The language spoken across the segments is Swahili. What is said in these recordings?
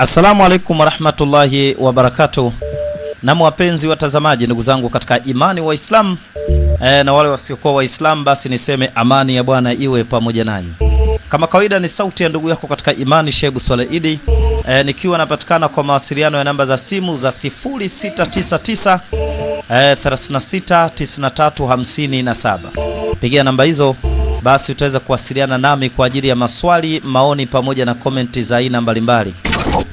Assalamu alaikum warahmatullahi wabarakatu Nam, wapenzi watazamaji, ndugu zangu katika imani Waislamu e, eh, na wale wasiokuwa Waislamu, basi niseme amani ya Bwana iwe pamoja nanyi. Kama kawaida, ni sauti ya ndugu yako katika imani Shebu Buswale Idi eh, nikiwa napatikana kwa mawasiliano ya namba za simu za 0699 e, 369357 Pigia namba hizo basi utaweza kuwasiliana nami kwa ajili ya maswali, maoni pamoja na komenti za aina mbalimbali.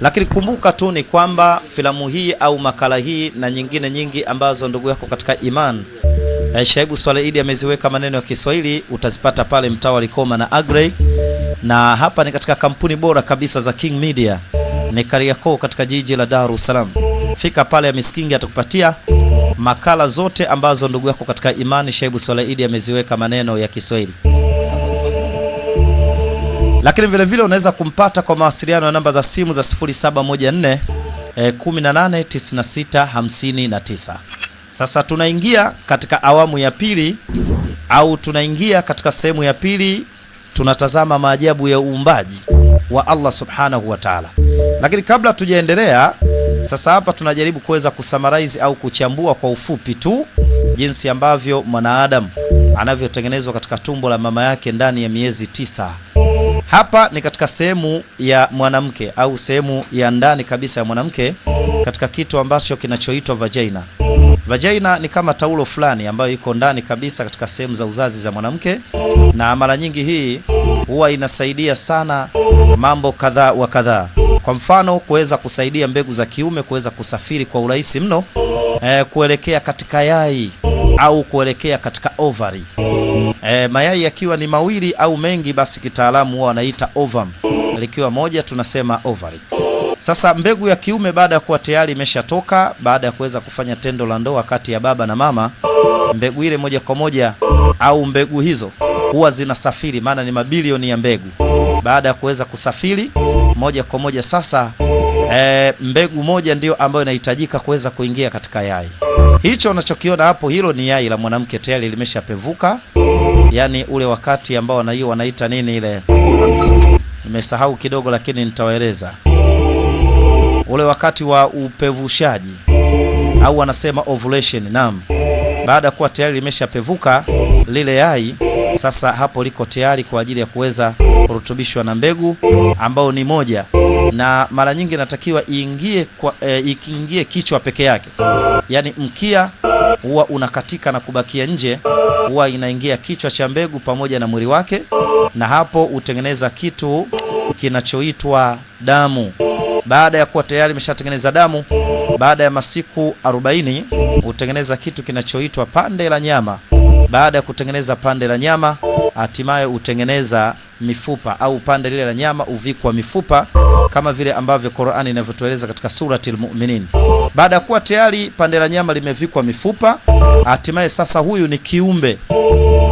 Lakini kumbuka tu ni kwamba filamu hii au makala hii na nyingine nyingi ambazo ndugu yako katika iman eh, Shaibu Swaleidi ameziweka maneno ya Kiswahili utazipata pale mtaa wa Likoma na Agrey, na hapa ni katika kampuni bora kabisa za King Media, ni Kariakoo katika jiji la Dar es Salaam. Fika pale, ya miskingi atakupatia makala zote ambazo ndugu yako katika imani Shaibu Swaleidi ameziweka maneno ya Kiswahili lakini vilevile unaweza kumpata kwa mawasiliano ya namba za simu za 0714 18 eh, Sasa tunaingia katika awamu ya pili au tunaingia katika sehemu ya pili, tunatazama maajabu ya uumbaji wa Allah subhanahu wa taala. Lakini kabla tujaendelea, sasa hapa tunajaribu kuweza kusummarize au kuchambua kwa ufupi tu jinsi ambavyo mwanaadamu anavyotengenezwa katika tumbo la mama yake ndani ya miezi tisa. Hapa ni katika sehemu ya mwanamke au sehemu ya ndani kabisa ya mwanamke katika kitu ambacho kinachoitwa vagina. Vagina ni kama taulo fulani ambayo iko ndani kabisa katika sehemu za uzazi za mwanamke, na mara nyingi hii huwa inasaidia sana mambo kadhaa wa kadhaa. Kwa mfano, kuweza kusaidia mbegu za kiume kuweza kusafiri kwa urahisi mno, eh, kuelekea katika yai au kuelekea katika ovary. E, mayai yakiwa ni mawili au mengi, basi kitaalamu huwa wanaita ovum, likiwa moja tunasema ovary. Sasa mbegu ya kiume baada ya kuwa tayari imeshatoka, baada ya kuweza kufanya tendo la ndoa kati ya baba na mama, mbegu ile moja kwa moja au mbegu hizo huwa zinasafiri, maana ni mabilioni ya mbegu. Baada ya kuweza kusafiri moja kwa moja sasa e, mbegu moja ndio ambayo inahitajika kuweza kuingia katika yai hicho. Unachokiona hapo, hilo ni yai la mwanamke tayari limeshapevuka, yaani ule wakati ambao hiyo wanaita nini ile, nimesahau kidogo, lakini nitawaeleza ule wakati wa upevushaji au wanasema ovulation. Naam, baada ya kuwa tayari limeshapevuka lile yai, sasa hapo liko tayari kwa ajili ya kuweza kurutubishwa na mbegu ambayo ni moja na mara nyingi inatakiwa iingie kwa, e, ikiingie kichwa peke yake, yaani mkia huwa unakatika na kubakia nje, huwa inaingia kichwa cha mbegu pamoja na mwili wake, na hapo hutengeneza kitu kinachoitwa damu. Baada ya kuwa tayari imeshatengeneza damu, baada ya masiku 40 hutengeneza kitu kinachoitwa pande la nyama. Baada ya kutengeneza pande la nyama, hatimaye hutengeneza mifupa au pande lile la nyama uvikwa mifupa kama vile ambavyo Qur'ani inavyotueleza katika surati Al-Mu'minin. Baada ya kuwa tayari pande la nyama limevikwa mifupa, hatimaye sasa huyu ni kiumbe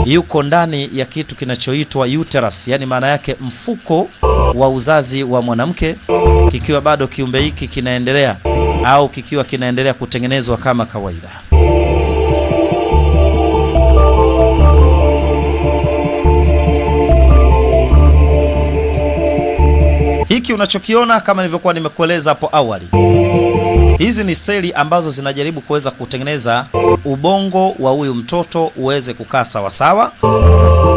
yuko ndani ya kitu kinachoitwa uterus, yani maana yake mfuko wa uzazi wa mwanamke, kikiwa bado kiumbe hiki kinaendelea au kikiwa kinaendelea kutengenezwa kama kawaida. unachokiona kama nilivyokuwa nimekueleza hapo awali, hizi ni seli ambazo zinajaribu kuweza kutengeneza ubongo wa huyu mtoto uweze kukaa sawasawa,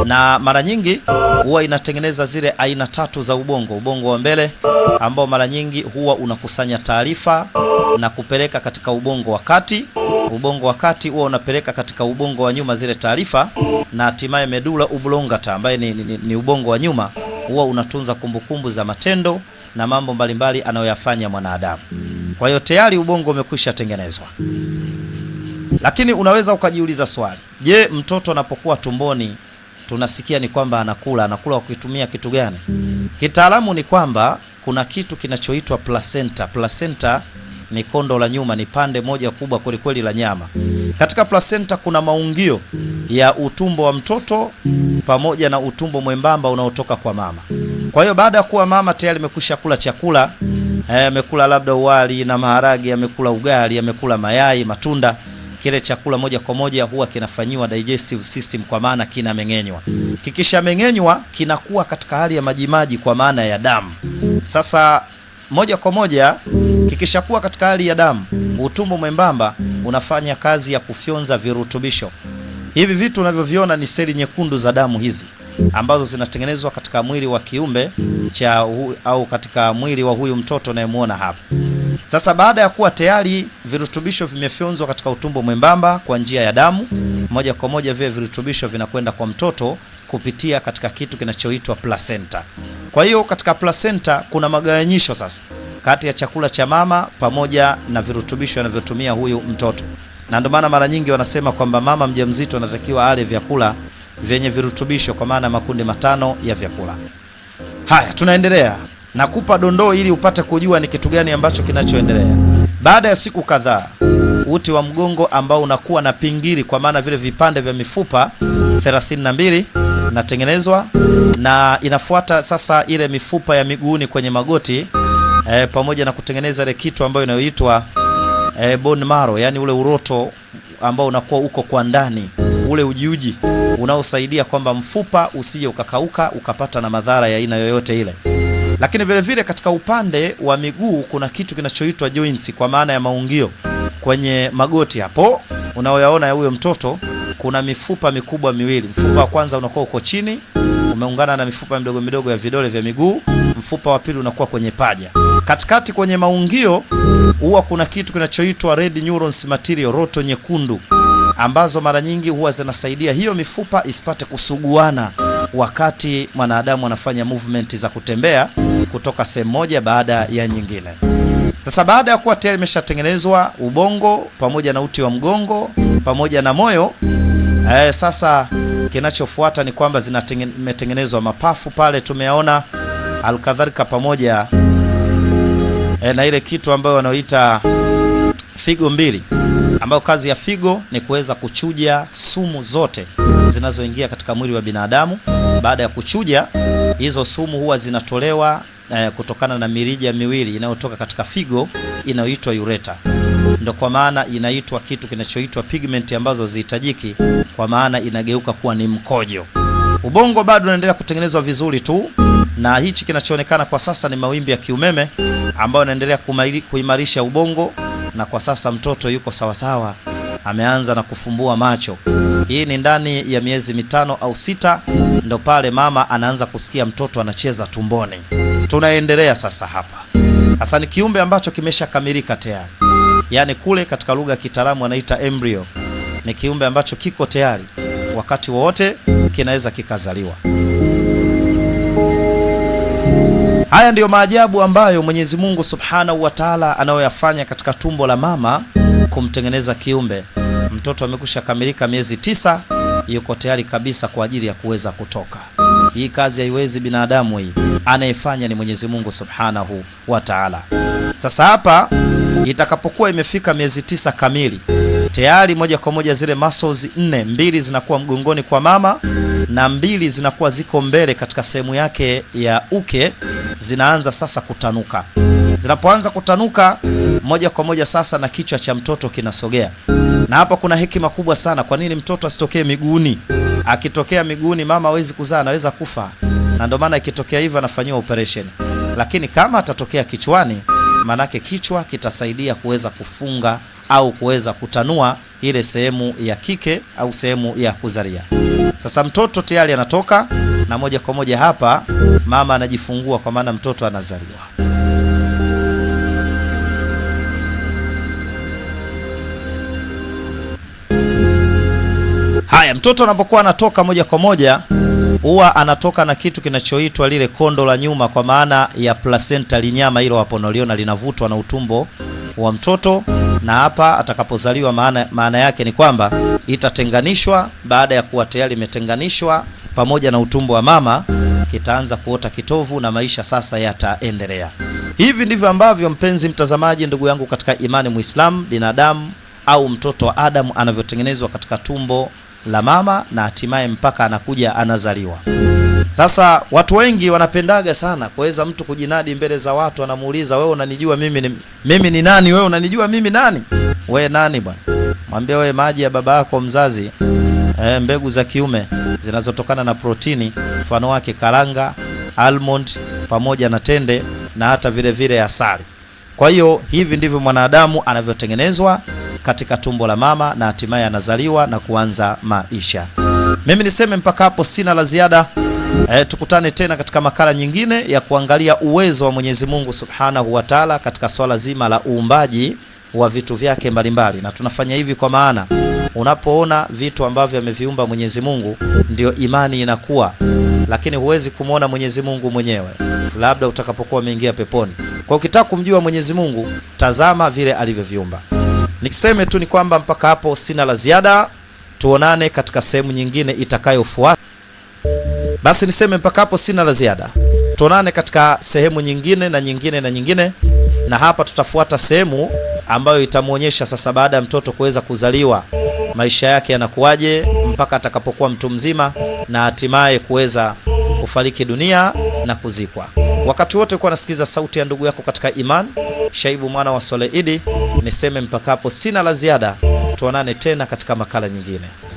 na mara nyingi huwa inatengeneza zile aina tatu za ubongo: ubongo wa mbele ambao mara nyingi huwa unakusanya taarifa na kupeleka katika ubongo wa kati ubongo wa kati huwa unapeleka katika ubongo wa nyuma zile taarifa, na hatimaye medula oblongata ambaye ni, ni, ni ubongo wa nyuma huwa unatunza kumbukumbu kumbu za matendo na mambo mbalimbali anayoyafanya mwanadamu. Kwa hiyo tayari ubongo umekwisha tengenezwa, lakini unaweza ukajiuliza swali, je, mtoto anapokuwa tumboni tunasikia ni kwamba anakula, anakula kwa kutumia kitu gani? Kitaalamu ni kwamba kuna kitu kinachoitwa placenta. Placenta ni kondo la nyuma, ni pande moja kubwa kwelikweli la nyama. Katika placenta kuna maungio ya utumbo wa mtoto pamoja na utumbo mwembamba unaotoka kwa mama. Kwa hiyo baada ya kuwa mama tayari amekusha kula chakula, eh, amekula labda uwali na maharage, amekula ugali, amekula mayai, matunda kile chakula moja kwa moja huwa kinafanyiwa digestive system kwa maana kinameng'enywa. meng'enywa kinakuwa katika hali ya majimaji kwa maana ya damu. Sasa moja kwa moja kikishakuwa katika hali ya damu, utumbo mwembamba unafanya kazi ya kufyonza virutubisho. Hivi vitu unavyoviona ni seli nyekundu za damu hizi ambazo zinatengenezwa katika mwili wa kiumbe cha au katika mwili wa huyu mtoto unayemwona hapa. Sasa baada ya kuwa tayari virutubisho vimefyonzwa katika utumbo mwembamba kwa njia ya damu, moja kwa moja vile virutubisho vinakwenda kwa mtoto kupitia katika kitu kinachoitwa placenta. Kwa hiyo katika placenta kuna magawanyisho sasa kati ya chakula cha mama pamoja na virutubisho anavyotumia huyu mtoto, na ndio maana mara nyingi wanasema kwamba mama mjamzito anatakiwa ale vyakula vyenye virutubisho kwa maana makundi matano ya vyakula. Haya, tunaendelea nakupa dondoo ili upate kujua ni kitu gani ambacho kinachoendelea. Baada ya siku kadhaa, uti wa mgongo ambao unakuwa na pingili, kwa maana vile vipande vya mifupa 32 natengenezwa na inafuata sasa ile mifupa ya miguuni kwenye magoti e, pamoja na kutengeneza ile kitu ambayo inayoitwa e, bone marrow, yani ule uroto ambao unakuwa uko kwa ndani, ule ujiuji unaosaidia kwamba mfupa usije ukakauka ukapata na madhara ya aina yoyote ile. Lakini vile vile katika upande wa miguu kuna kitu kinachoitwa joints, kwa maana ya maungio kwenye magoti hapo unaoyaona ya huyo mtoto kuna mifupa mikubwa miwili. Mfupa wa kwanza unakuwa uko chini umeungana na mifupa midogo midogo ya vidole vya miguu. Mfupa wa pili unakuwa kwenye paja, katikati kwenye maungio huwa kuna kitu kinachoitwa red neurons material, roto nyekundu, ambazo mara nyingi huwa zinasaidia hiyo mifupa isipate kusuguana wakati mwanadamu anafanya movement za kutembea kutoka sehemu moja baada ya nyingine. Sasa baada ya kuwa tayari imeshatengenezwa ubongo pamoja na uti wa mgongo pamoja na moyo Eh, sasa kinachofuata ni kwamba zimetengenezwa mapafu pale, tumeona alkadhalika, pamoja e, na ile kitu ambayo wanaoita figo mbili, ambayo kazi ya figo ni kuweza kuchuja sumu zote zinazoingia katika mwili wa binadamu. Baada ya kuchuja hizo sumu huwa zinatolewa e, kutokana na mirija miwili inayotoka katika figo inayoitwa ureta. Ndo kwa maana inaitwa kitu kinachoitwa pigment ambazo zihitajiki, kwa maana inageuka kuwa ni mkojo. Ubongo bado unaendelea kutengenezwa vizuri tu, na hichi kinachoonekana kwa sasa ni mawimbi ya kiumeme ambayo yanaendelea kuimarisha ubongo, na kwa sasa mtoto yuko sawasawa, ameanza na kufumbua macho. Hii ni ndani ya miezi mitano au sita, ndo pale mama anaanza kusikia mtoto anacheza tumboni. Tunaendelea sasa hapa. Hasa ni kiumbe ambacho kimeshakamilika tayari yaani kule katika lugha ya kitaalamu wanaita embryo. Ni kiumbe ambacho kiko tayari wakati wowote kinaweza kikazaliwa. Haya ndiyo maajabu ambayo Mwenyezi Mungu Subhanahu wa Ta'ala anayoyafanya katika tumbo la mama kumtengeneza kiumbe. Mtoto amekusha kamilika miezi tisa, yuko tayari kabisa kwa ajili ya kuweza kutoka. Hii kazi haiwezi binadamu, hii anayefanya ni Mwenyezi Mungu Subhanahu wa Ta'ala. Sasa hapa Itakapokuwa imefika miezi tisa kamili, tayari moja kwa moja zile muscles nne, mbili zinakuwa mgongoni kwa mama na mbili zinakuwa ziko mbele katika sehemu yake ya uke, zinaanza sasa kutanuka. Zinapoanza kutanuka moja kwa moja sasa, na kichwa cha mtoto kinasogea, na hapa kuna hekima kubwa sana. Kwa nini mtoto asitokee miguuni? Akitokea miguuni, mama hawezi kuzaa, anaweza kufa, na ndio maana ikitokea hivyo anafanyiwa operation. Lakini kama atatokea kichwani maanake kichwa kitasaidia kuweza kufunga au kuweza kutanua ile sehemu ya kike au sehemu ya kuzalia. Sasa mtoto tayari anatoka na moja kwa moja hapa mama anajifungua, kwa maana mtoto anazaliwa. Haya, mtoto anapokuwa anatoka moja kwa moja huwa anatoka na kitu kinachoitwa lile kondo la nyuma, kwa maana ya placenta. Linyama hilo hapo unaliona linavutwa na utumbo wa mtoto, na hapa atakapozaliwa, maana maana yake ni kwamba itatenganishwa. Baada ya kuwa tayari imetenganishwa pamoja na utumbo wa mama, kitaanza kuota kitovu na maisha sasa yataendelea. Hivi ndivyo ambavyo, mpenzi mtazamaji, ndugu yangu katika imani, Muislamu, binadamu au mtoto wa Adamu anavyotengenezwa katika tumbo la mama na hatimaye mpaka anakuja anazaliwa. Sasa watu wengi wanapendaga sana kuweza mtu kujinadi mbele za watu, anamuuliza wewe unanijua mimi ni, mimi ni nani? Wewe unanijua mimi nani? We nani bwana? Mwambia wewe maji ya baba yako mzazi eh, mbegu za kiume zinazotokana na protini, mfano wake karanga, almond pamoja na tende na hata vile vile asali. Kwa hiyo hivi ndivyo mwanadamu anavyotengenezwa katika tumbo la mama na hatimaye anazaliwa na kuanza maisha. Mimi niseme mpaka hapo, sina la ziada. E, tukutane tena katika makala nyingine ya kuangalia uwezo wa Mwenyezi Mungu Subhanahu wa Ta'ala katika swala zima la uumbaji wa vitu vyake mbalimbali, na tunafanya hivi kwa maana unapoona vitu ambavyo ameviumba Mwenyezi Mungu ndio imani inakuwa, lakini huwezi kumwona Mwenyezi Mungu mwenyewe labda utakapokuwa umeingia peponi. Kwa ukitaka kumjua Mwenyezi Mungu, tazama vile alivyoviumba. Nikiseme tu ni kwamba mpaka hapo sina la ziada, tuonane katika sehemu nyingine itakayofuata. Basi niseme mpaka hapo sina la ziada, tuonane katika sehemu nyingine na nyingine na nyingine, na hapa tutafuata sehemu ambayo itamwonyesha sasa, baada ya mtoto kuweza kuzaliwa, maisha yake yanakuwaje mpaka atakapokuwa mtu mzima na hatimaye kuweza kufariki dunia na kuzikwa. Wakati wote ulikuwa nasikiza sauti ya ndugu yako katika imani, Shaibu mwana wa Soleidi niseme mpaka hapo, sina la ziada. Tuonane tena katika makala nyingine.